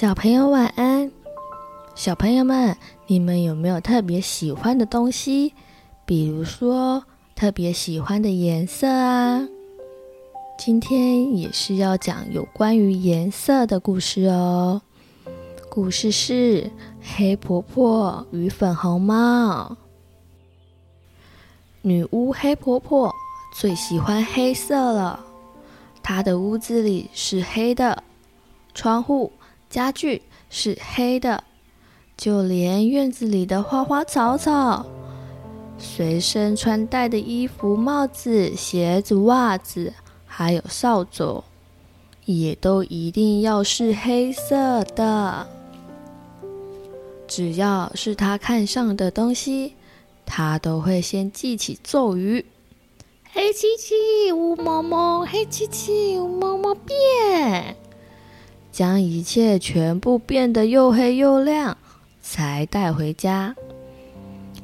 小朋友晚安！小朋友們，你們有沒有特別喜歡的東西？比如說特別喜歡的顏色啊？今天也是要講有關於顏色的故事哦。故事是《黑婆婆與粉紅貓》。女巫黑婆婆最喜歡黑色了，她的屋子裡是黑的，窗戶，家具是黑的，就連院子裡的花花草草、隨身穿戴的衣服、帽子、鞋子、襪子，還有掃帚，也都一定要是黑色的。只要是他看上的東西，他都會先記起咒語：“黑漆漆，烏蒙蒙，黑漆漆，烏蒙蒙變。七七”將一切全部變得又黑又亮，才帶回家。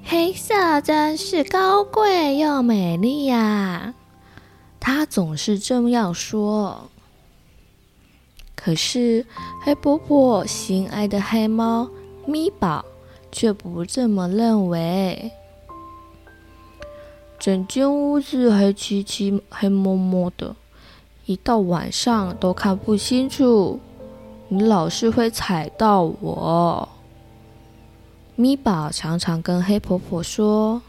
黑色真是高貴又美麗呀、啊，她總是這樣說。可是黑婆婆心愛的黑貓咪寶卻不這麼認為。整間屋子還奇奇黑漆漆、黑蒙蒙的，一到晚上都看不清楚。你老是會踩到我。咪寶常常跟黑婆婆說。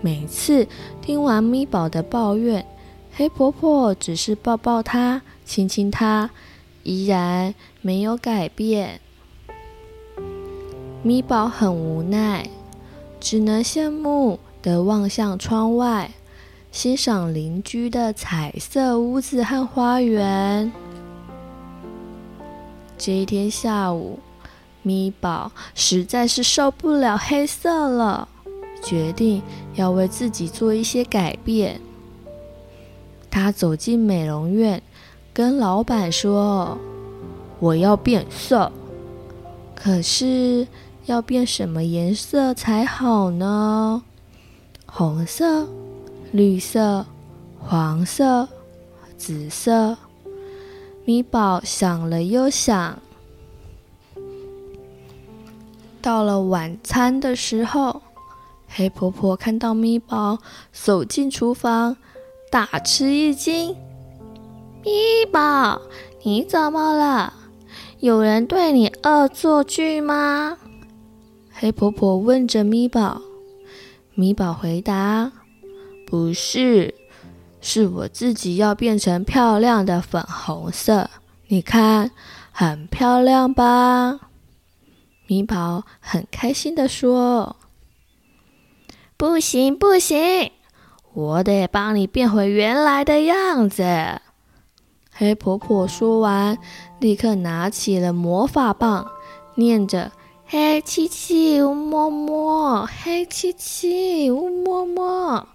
每次聽完咪寶的抱怨，黑婆婆只是抱抱她，親親她，依然沒有改變。咪寶很無奈，只能羨慕地望向窗外，欣賞鄰居的彩色屋子和花園。這一天下午，咪寶實在是受不了黑色了，決定要為自己做一些改變。他走進美容院，跟老闆說：“我要變色，可是要變什麼顏色才好呢？紅色、綠色、黃色、紫色。”米寶想了又想，到了晚餐的時候，黑婆婆看到米寶走進廚房，大吃一驚：“米寶，你怎麼了？有人對你惡作劇嗎？”黑婆婆問着米寶，米寶回答：“不是。”是我自己要變成漂亮的粉紅色，你看，很漂亮吧？米寶很開心地說：“不行，不行，我得幫你變回原來的樣子。 ”黑婆婆說完，立刻拿起了魔法棒，念着：“黑漆漆，烏、 嗯、摸摸，黑漆漆，烏、嗯、摸摸。”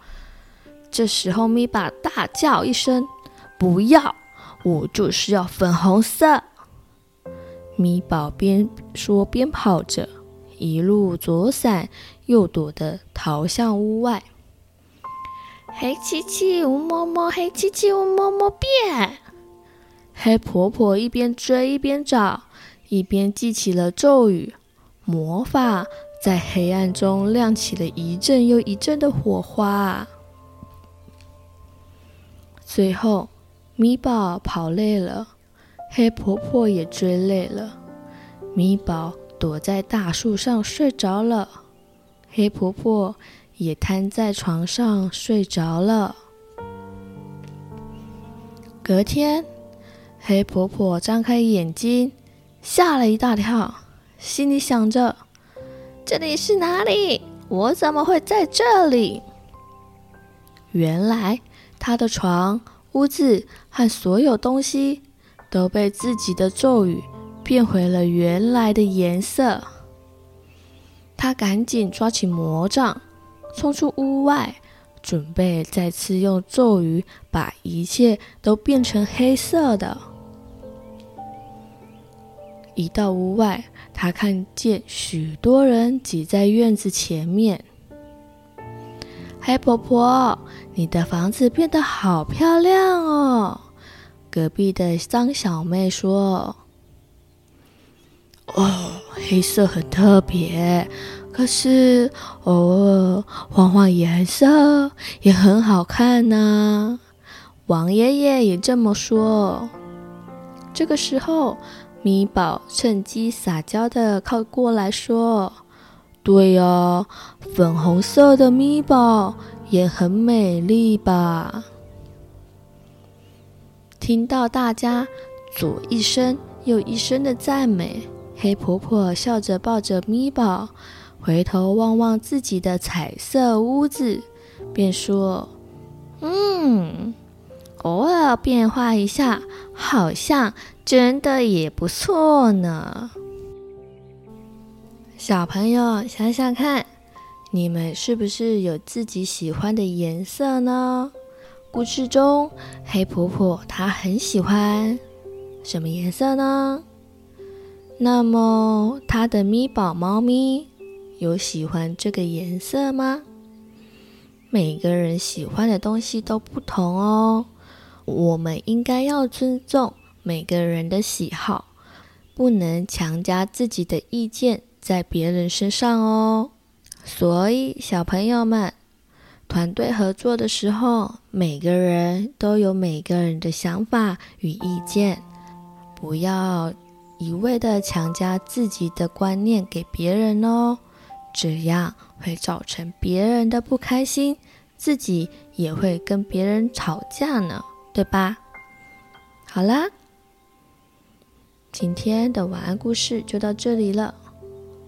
這時候，咪寶大叫一聲：“不要！”我就是要粉紅色。咪寶邊說邊跑着，一路左閃右躲地逃向屋外。黑漆漆，烏摸摸，黑漆漆，烏摸摸，變！黑婆婆一邊追一邊找，一邊記起了咒語。魔法在黑暗中亮起了一陣又一陣的火花。最後，咪寶跑累了，黑婆婆也追累了。咪寶躲在大樹上睡着了，黑婆婆也癱在床上睡着了。隔天，黑婆婆張開眼睛，嚇了一大跳，心裡想着：“這裡是哪裡？我怎麼會在這裡？”原來，他的床、屋子和所有東西都被自己的咒語變回了原來的顏色。他趕緊抓起魔杖，衝出屋外，準備再次用咒語把一切都變成黑色的。一到屋外，他看見許多人擠在院子前面。黑婆婆，你的房子變得好漂亮哦！隔壁的張小妹說：“哦，黑色很特別，可是偶爾換換顏色也很好看呢。”王爺爺也這麼說。這個時候，米寶趁機撒嬌地靠過來說。對呀、啊，粉紅色的咪寶也很美麗吧？聽到大家左一聲、右一聲的讚美，黑婆婆笑着抱着咪寶，回頭望望自己的彩色屋子，便說：“嗯，偶爾變化一下，好像真的也不錯呢。”小朋友，想想看，你們是不是有自己喜歡的顏色呢？故事中，黑婆婆她很喜歡什麼顏色呢？那麼，她的咪寶貓咪有喜歡這個顏色嗎？每個人喜歡的東西都不同哦，我們應該要尊重每個人的喜好，不能強加自己的意見。在別人身上哦，所以小朋友們，團隊合作的時候，每個人都有每個人的想法與意見，不要一味的強加自己的觀念給別人哦，這樣會造成別人的不開心，自己也會跟別人吵架呢，對吧？好啦，今天的晚安故事就到這裡了。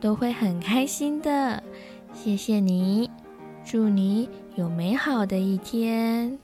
都會很開心的，謝謝你，祝你有美好的一天。